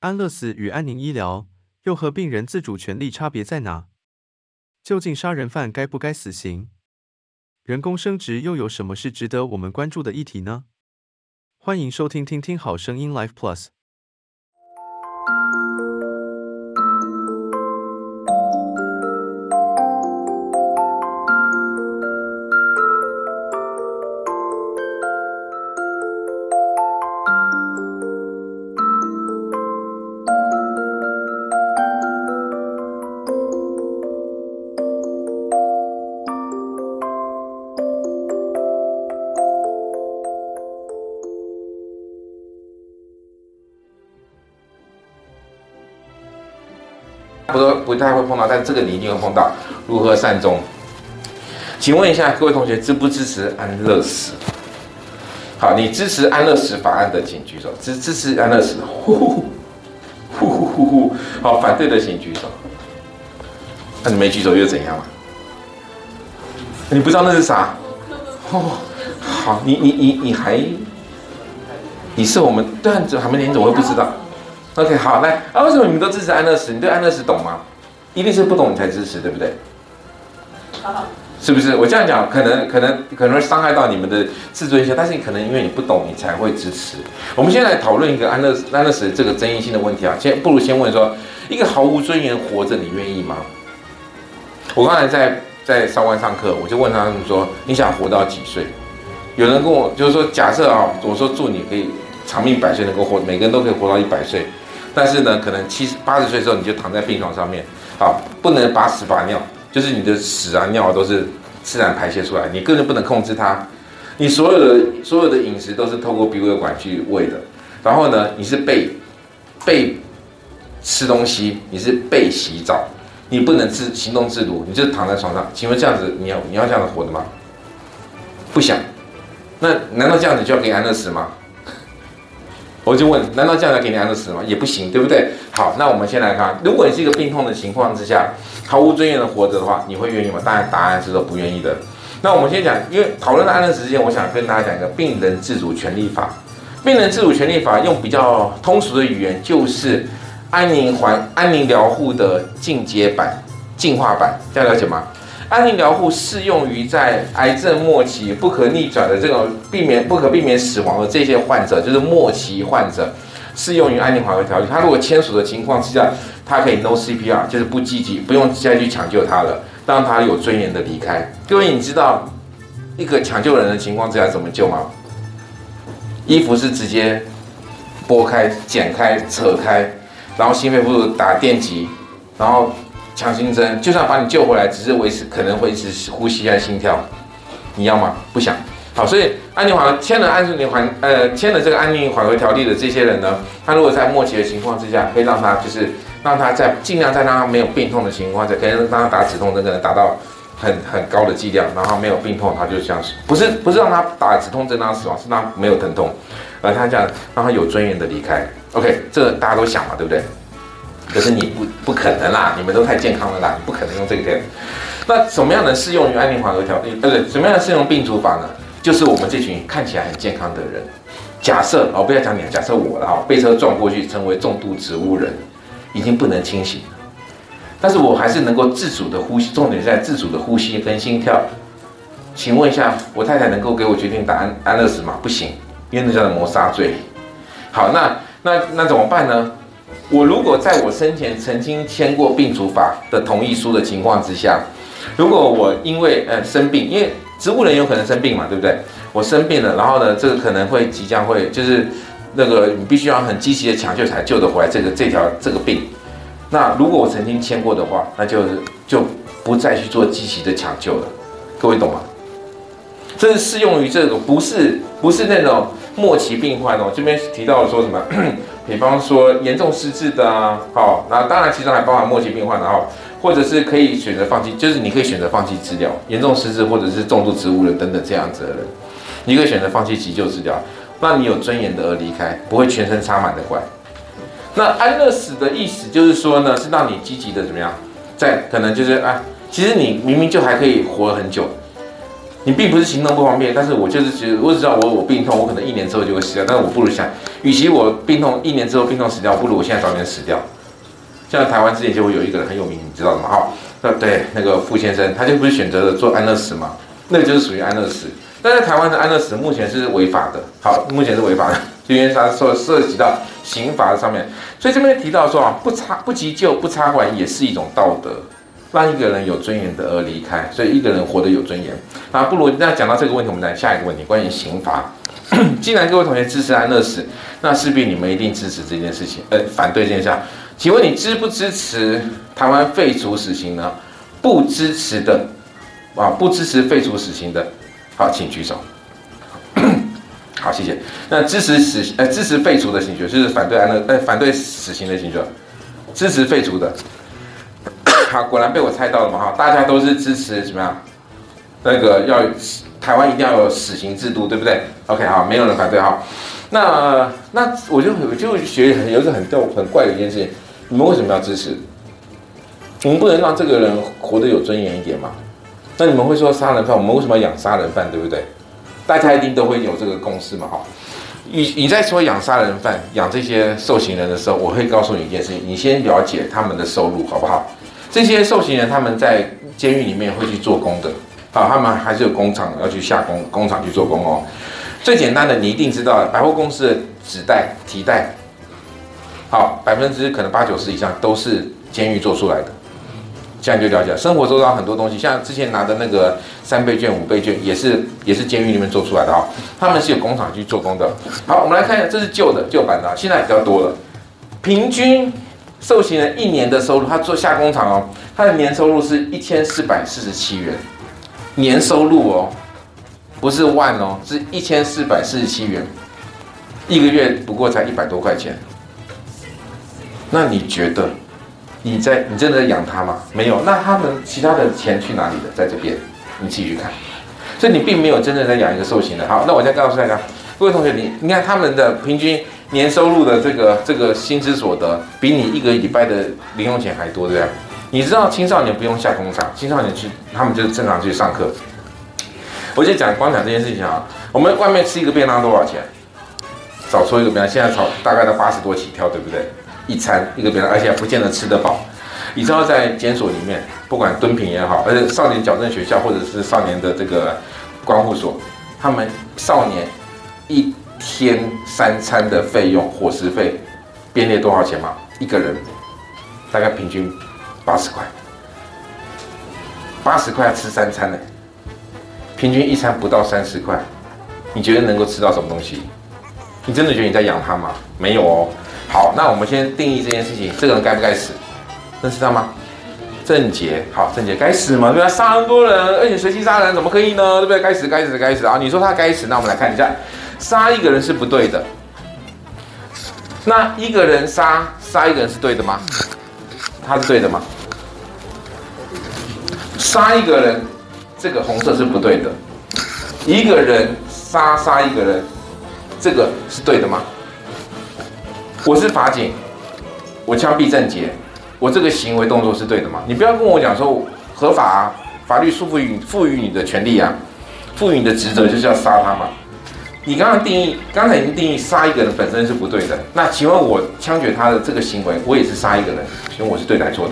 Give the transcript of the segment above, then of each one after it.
安樂死與安寧醫療又和病人自主權利差別在哪？究竟殺人犯該不該死刑？人工生殖又有什麼是值得我們關注的議題呢？歡迎收聽聽聽好聲音 Life Plus。不不太會碰到，但是這個你一定會碰到。如何善終？請問一下各位同學，支不支持安樂死？好，你支持安樂死法案的，請舉手；支支持安樂死，呼呼，呼呼呼，好，反對的請舉手。那你沒舉手又怎樣嘛，啊？你不知道那是啥？哦，好，你你你你還，你是我們段子還沒連着，我會不知道。OK，好來啊！為什麼你們都支持安樂死？你對安樂死懂嗎？一定是不懂你才支持，對不對？好好是不是？我這樣講可能可能可能會傷害到你們的自尊心，但是你可能因為你不懂你才會支持。我們先來討論一個安樂安樂死這個爭議性的問題啊，先不如先問說，一個毫無尊嚴活着，你願意嗎？我剛才在在上班上課，我就問他們說你想活到幾歲？有人跟我就是說，假設啊，我說祝你可以長命百歲，能夠活，每個人都可以活到一百歲。但是呢，可能七十八十歲的時候，你就躺在病床上面，好，不能把屎把尿，就是你的屎啊尿啊都是自然排泄出來，你個人不能控制它，你所有的所有的飲食都是透過鼻胃管去餵的，然後呢，你是被被吃東西，你是被洗澡，你不能自行動自如，你就躺在床上。請問這樣子你要你要這樣子活的嗎？不想。那難道這樣子就要給安樂死嗎？我就問，難道這樣來給你安樂死嗎？也不行，對不對？好，那我們先來看看，如果你是一個病痛的情況之下，毫無尊嚴的活着的話，你會願意嗎？當然，答案是都不願意的。那我們先講，因為討論的安樂死之前，我想跟大家講一個病人自主權利法。病人自主權利法用比較通俗的語言，就是安寧環安寧療護的進階版、進化版，這樣了解嗎？安寧療護適用於在癌症末期不可逆轉的這種避免不可避免死亡的這些患者，就是末期患者，適用於安寧緩和條例。他如果簽署的情況之下，他可以 no CPR，就是不積極，不用再去搶救他了，讓他有尊嚴的離開。各位，你知道一個搶救人的情況之下怎麼救嗎？衣服是直接撥開、剪開、扯開，然後心肺復甦打電擊，然後。強心針，就算把你救回來，只是維持，可能會維持呼吸和心跳。你要嗎？不想。好，所以安寧緩簽了安寧緩呃簽了這個安寧緩和條例的這些人呢，他如果在末期的情況之下，可以讓他就是讓他在儘量在讓他沒有病痛的情況下，可以讓他打止痛針，可能達到很很高的劑量，然後沒有病痛，他就像是不是不是讓他打止痛針讓他死亡，是讓他沒有疼痛，而他這樣讓他有尊嚴的離開。OK，這個大家都想嘛，對不對？可是你不不可能啦，你們都太健康了啦，你不可能用這個點。那什麼樣的適用於安寧緩和條例？呃，對，什麼樣的適用病主法呢？就是我們這群看起來很健康的人。假設哦，不要講你，假設我了哈，被車撞過去成為重度植物人，已經不能清醒。但是我還是能夠自主的呼吸，重點是在自主的呼吸跟心跳。請問一下，我太太能夠給我決定打安安樂死嗎？不行，因為那叫做謀殺罪。好，那那那怎麼辦呢？我如果在我生前曾經簽過病主法的同意書的情況之下，如果我因為呃、嗯、生病，因為植物人有可能生病嘛，對不對？我生病了，然後呢，這個可能會即將會就是那個你必須要很積極的搶救才救得回來這個這條這個病。那如果我曾經簽過的話，那就是就不再去做積極的搶救了。各位懂嗎？這是適用於這個不是不是那種末期病患哦。這邊提到了說什麼？ 比方說嚴重失智的啊，好、哦，那當然其中還包含末期病患然後或者是可以選擇放棄，就是你可以選擇放棄治療，嚴重失智或者是重度植物人等等這樣子的人，你可以選擇放棄急救治療，讓你有尊嚴的而離開，不會全身插滿的管。那安樂死的意思就是說呢，是讓你積極的怎麼樣，在可能就是啊，其實你明明就還可以活很久。你並不是行動不方便，但是我就是覺得，我只知道我我病痛，我可能一年之後就會死掉，但是我不如想，與其我病痛一年之後病痛死掉，我不如我現在早點死掉。像台灣之前就會有一個人很有名，你知道嗎？哈、哦，那對那個傅先生，他就不是選擇了做安樂死嗎？那就是屬於安樂死。但在台灣的安樂死目前是違法的，好，目前是違法的，就因為它涉涉及到刑法上面。所以這邊提到說啊，不插不急救不插管也是一種道德。讓一個人有尊嚴的而離開，所以一個人活得有尊嚴，那不如，那講到這個問題，我們來下一個問題，關於刑罰。 既然各位同學支持安樂死，那勢必你們一定支持這件事情，呃，反對這件事情。請問你支不支持台灣廢除死刑呢？不支持的，啊，不支持廢除死刑的，好，請舉手。 好，謝謝。那支持死呃支持廢除的請舉手，就是反對安樂呃反對死刑的請舉手，支持廢除的。好，果然被我猜到了嘛！哈，大家都是支持什麼樣？那個要台灣一定要有死刑制度，對不對？OK，好，沒有人反對哈。那那我就我就學，有一個很逗、很怪的一件事情，你們為什麼要支持？你們不能讓這個人活得有尊嚴一點嘛？那你們會說殺人犯，我們為什麼要養殺人犯，對不對？大家一定都會有這個共識嘛！哈，你你在說養殺人犯、養這些受刑人的時候，我會告訴你一件事情，你先了解他們的收入好不好？這些受刑人他們在監獄裡面會去做工的，好，他們還是有工廠要去下工，工廠去做工哦。最簡單的，你一定知道，百貨公司的紙袋、提袋，好，百分之可能八九十以上都是監獄做出來的。這樣就了解了，生活周遭很多東西，像之前拿的那個三倍券、五倍券，也是也是監獄裡面做出來的啊。他們是有工廠去做工的。好，我們來看一下，這是舊的舊版的，現在比較多了，平均。受刑人一年的收入，他做下工廠哦，他的年收入是一千四百四十七元，年收入哦，不是萬哦，是一千四百四十七元，一個月不過才一百多塊錢。那你覺得，你在你真的在養他嗎？沒有，那他們其他的錢去哪裡了？在這邊，你繼續看，所以你並沒有真的在養一個受刑人。好，那我再告訴大家，各位同學，你你看他們的平均。年收入的這個這個薪資所得比你一個禮拜的零用錢還多，這樣你知道青少年不用下工廠，青少年去他們就是正常去上課。我就講光講這件事情啊，我們外面吃一個便當多少錢？少說一個便當，現在早大概在八十多起跳，對不對？一餐一個便當，而且不見得吃得飽。你知道在監所裡面，不管蹲平也好，而且少年矯正學校或者是少年的這個觀護所，他們少年一。天三餐的費用，伙食費，編列多少錢嘛？一個人大概平均八十塊，八十塊吃三餐呢，平均一餐不到三十塊。你覺得能夠吃到什麼東西？你真的覺得你在養他嗎？沒有哦。好，那我們先定義這件事情，這個人該不該死？認識他嗎？鄭捷，好，鄭捷該死嗎？對不，他殺那麼多人，而且隨機殺人怎麼可以呢？對不對？該死，該死，該死啊！你說他該死，那我們來看一下。殺一個人是不對的，那一個人殺殺一個人是對的嗎？他是對的嗎？殺一個人，這個紅色是不對的。一個人殺殺一個人，這個是對的嗎？我是法警，我槍斃鄭杰，我這個行為動作是對的嗎？你不要跟我講說合法啊，法律束縛於賦予你的權利啊，賦予你的職責就是要殺他嘛。你剛剛定義，剛才已經定義，殺一個人本身是不對的。那請問我槍決他的這個行為，我也是殺一個人，所以我是對的還是錯的？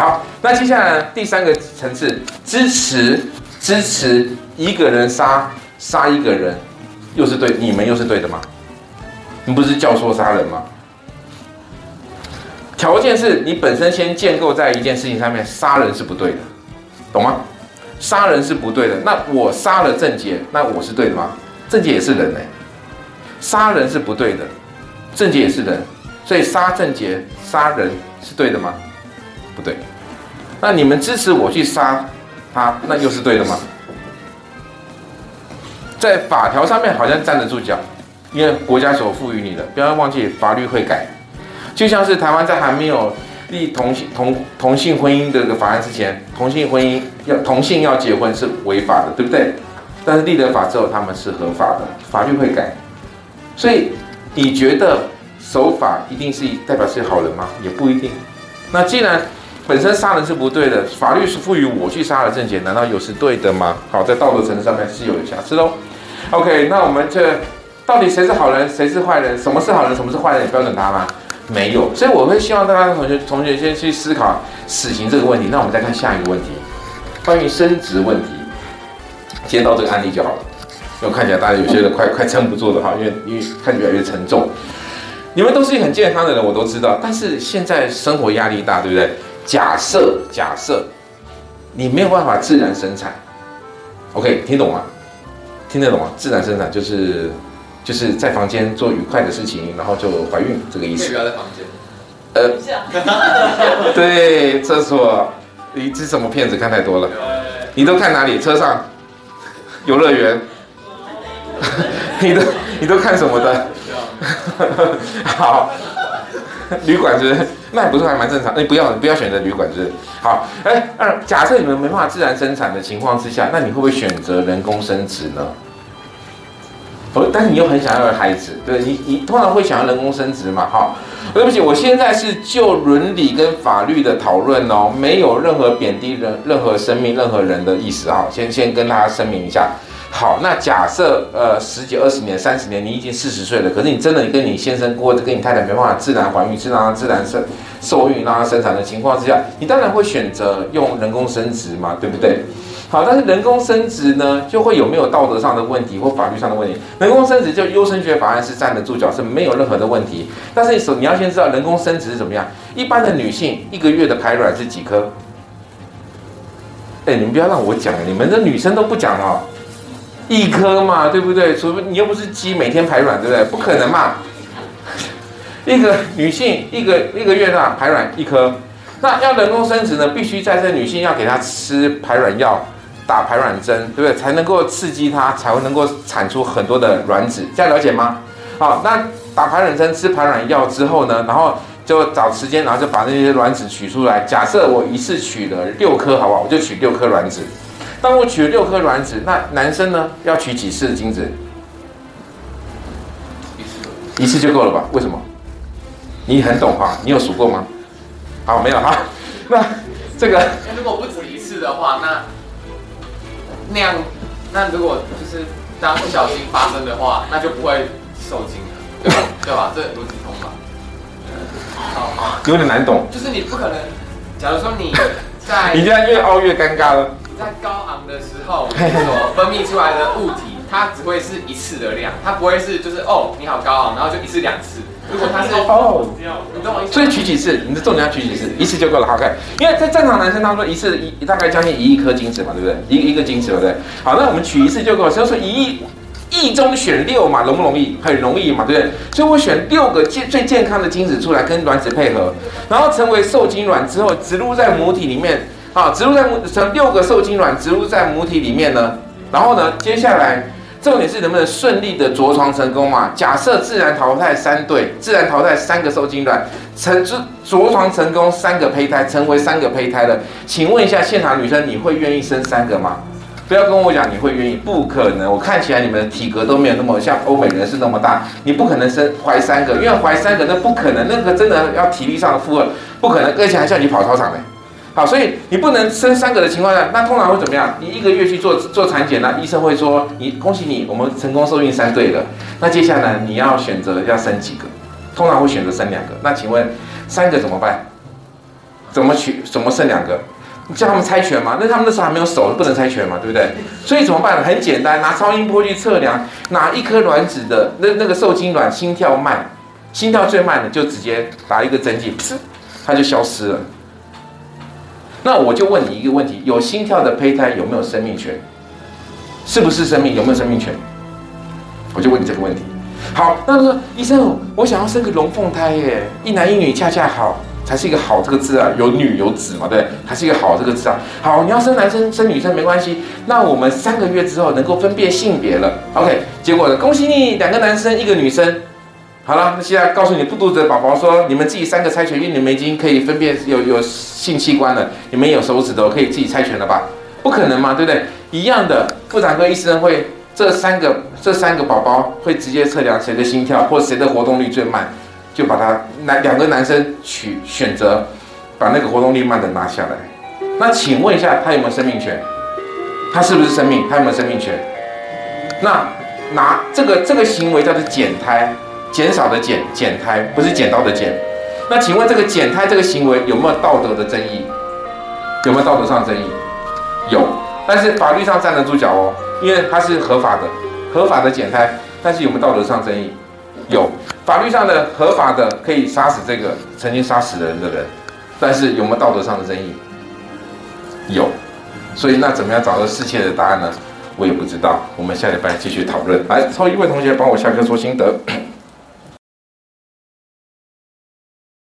好，那接下來呢，第三個層次，支持支持一個人殺殺一個人，又是對，你們又是對的嗎？你不是教唆殺人嗎？條件是你本身先建構在一件事情上面，殺人是不對的，懂嗎？殺人是不對的，那我殺了鄭捷，那我是對的嗎？鄭捷也是人哎、欸，殺人是不對的，鄭捷也是人，所以殺鄭捷殺人是對的嗎？不對，那你們支持我去殺他，那又是對的嗎？在法條上面好像站得住腳，因為國家所賦予你的，不要忘記法律會改，就像是台灣在還沒有。立同性同同性婚姻的個法案之前，同性婚姻要同性要結婚是違法的，對不對？但是立了法之後，他們是合法的，法律會改。所以你覺得守法一定是代表是好人嗎？也不一定。那既然本身殺人是不對的，法律是賦予我去殺了鄭捷，難道有是對的嗎？好，在道德層面上面是有瑕疵的。OK，那我們這到底誰是好人，誰是壞人？什麼是好人，什麼是壞人？你標準答案嗎？沒有，所以我會希望大家同學同學先去思考死刑這個問題。那我們再看下一個問題，關於生殖問題，接到這個案例就好了。要看起來大家有些人快快撐不住了哈，因為因為看起來越沉重，你們都是很健康的人，我都知道。但是現在生活壓力大，對不對？假設假設你沒有辦法自然生產，OK，聽懂嗎？聽得懂嗎？自然生產就是。就是在房間做愉快的事情，然後就懷孕這個意思。不要在房間。呃。 對，廁所。你是什麼片子看太多了？你都看哪裡？車上樂園、遊樂園。你都你都看什麼的？ 好。旅館是不是，那也不錯還蠻正常。你，欸、不要不要選擇旅館是不是。好，哎，欸呃，假設你們沒辦法自然生產的情況之下，那你會不會選擇人工生殖呢？哦，但是你又很想要孩子，對你，你通常會想要人工生殖嘛？哈、哦，對不起，我現在是就倫理跟法律的討論哦，沒有任何貶低人、任何生命、任何人的意思哈、哦。先先跟大家聲明一下。好，那假設呃十幾、二十年、三十年，你已經四十歲了，可是你真的你跟你先生過，跟你太太沒辦法自然懷孕、是讓她自然自然生受孕啦、讓她生產的情況之下，你當然會選擇用人工生殖嘛，對不對？好，但是人工生殖呢，就會有沒有道德上的問題或法律上的問題？人工生殖就優生學法案是站得住腳，是沒有任何的問題。但是你所你要先知道人工生殖是怎麼樣？一般的女性一個月的排卵是幾顆？哎，你們不要讓我講，你們的女生都不講哦，一顆嘛，對不對？除非你又不是雞，每天排卵，對不對？不可能嘛。一個女性一個一個月呢，排卵一顆，那要人工生殖呢，必須在這女性要給她吃排卵藥。打排卵針，對不對？才能夠刺激它，才會能夠產出很多的卵子，這樣了解嗎？好，那打排卵針、吃排卵藥之後呢，然後就找時間，然後就把那些卵子取出來。假設我一次取了六顆，好不好？我就取六顆卵子。當我取了六顆卵子，那男生呢，要取幾次精子？一次，一次就夠了吧？為什麼？你很懂哈、啊，你有數過嗎？好，沒有哈。那這個，如果不止一次的話，那那樣，那如果就是當不小心發生的話，那就不會受精了，對吧？對吧？這邏輯通吧？好，有點難懂。就是你不可能，假如說你在…… 你這越熬越尷尬了。你在高昂的時候，你所分泌出來的物體，它只會是一次的量，它不會是就是哦，你好高昂，然後就一次兩次。如果他是哦，你我所以取幾次？你的重量取幾次？一次就夠了，好看。因為在正常男生當中，一次一大概將近一億顆精子嘛，對不對？一個一個精子，對不對？好，那我們取一次就夠了。所以說一億億中選六嘛，容不容易？很容易嘛，對不對？所以我選六個健最健康的精子出來跟卵子配合，然後成為受精卵之後，植入在母體裡面啊，植入在母成六個受精卵植入在母體裡面呢，然後呢，接下來。重點是能不能順利的着床成功嘛。假設自然淘汰三對，自然淘汰三個受精卵，成就着床成功三個胚胎成為三個胚胎了。請問一下現場女生，你會願意生三個嗎？不要跟我講你會願意，不可能。我看起來你們的體格都沒有那麼像歐美人士那麼大，你不可能生懷三個，因為懷三個那不可能，那個真的要體力上的負荷，不可能，而且還叫你跑操場嘞、欸。好，所以你不能生三個的情況下，那通常會怎麼樣？你一個月去做做產檢呢？醫生會說你，恭喜你，我們成功受孕三對了。那接下來你要選擇要生幾個？通常會選擇生兩個。那請問三個怎麼辦？怎麼取？怎麼剩兩個？你叫他們猜拳嘛，那他們那時候還沒有手，不能猜拳嘛，對不對？所以怎麼辦？很簡單，拿超音波去測量哪一顆卵子的那，那個受精卵心跳慢，心跳最慢的就直接打一個針劑，它就消失了。那我就問你一個問題：有心跳的胚胎有沒有生命權？是不是生命？有沒有生命權？我就問你這個問題。好，那說醫生，我想要生個龍鳳胎耶，一男一女，恰恰好才是一個好這個字啊，有女有子嘛，對，對，才是一個好這個字啊。好，你要生男生生女生沒關係，那我們三個月之後能夠分辨性別了。OK，結果呢？恭喜你，兩個男生，一個女生。好了，那現在告訴你，不肚子的寶寶說，你們自己三個猜拳，因為你們已經可以分辨有有性器官了，你們也有手指頭，可以自己猜拳了吧？不可能嘛，對不對？一樣的，婦產科醫生會這三個這三個寶寶會直接測量誰的心跳，或誰的活動率最慢，就把他男兩個男生取選擇，把那個活動力慢的拿下來。那請問一下，他有沒有生命權？他是不是生命？他有沒有生命權？那拿這個這個行為叫做減胎。減少的減，減胎不是剪刀的剪。那請問這個減胎這個行為有沒有道德的爭議？有沒有道德上的爭議？有，但是法律上站得住腳哦，因為它是合法的，合法的減胎。但是有沒有道德上的爭議？有。法律上的合法的可以殺死這個曾經殺死人的人，但是有沒有道德上的爭議？有。所以那怎麼樣找到適切的答案呢？我也不知道。我們下禮拜繼續討論。來，抽一位同學幫我下課說心得。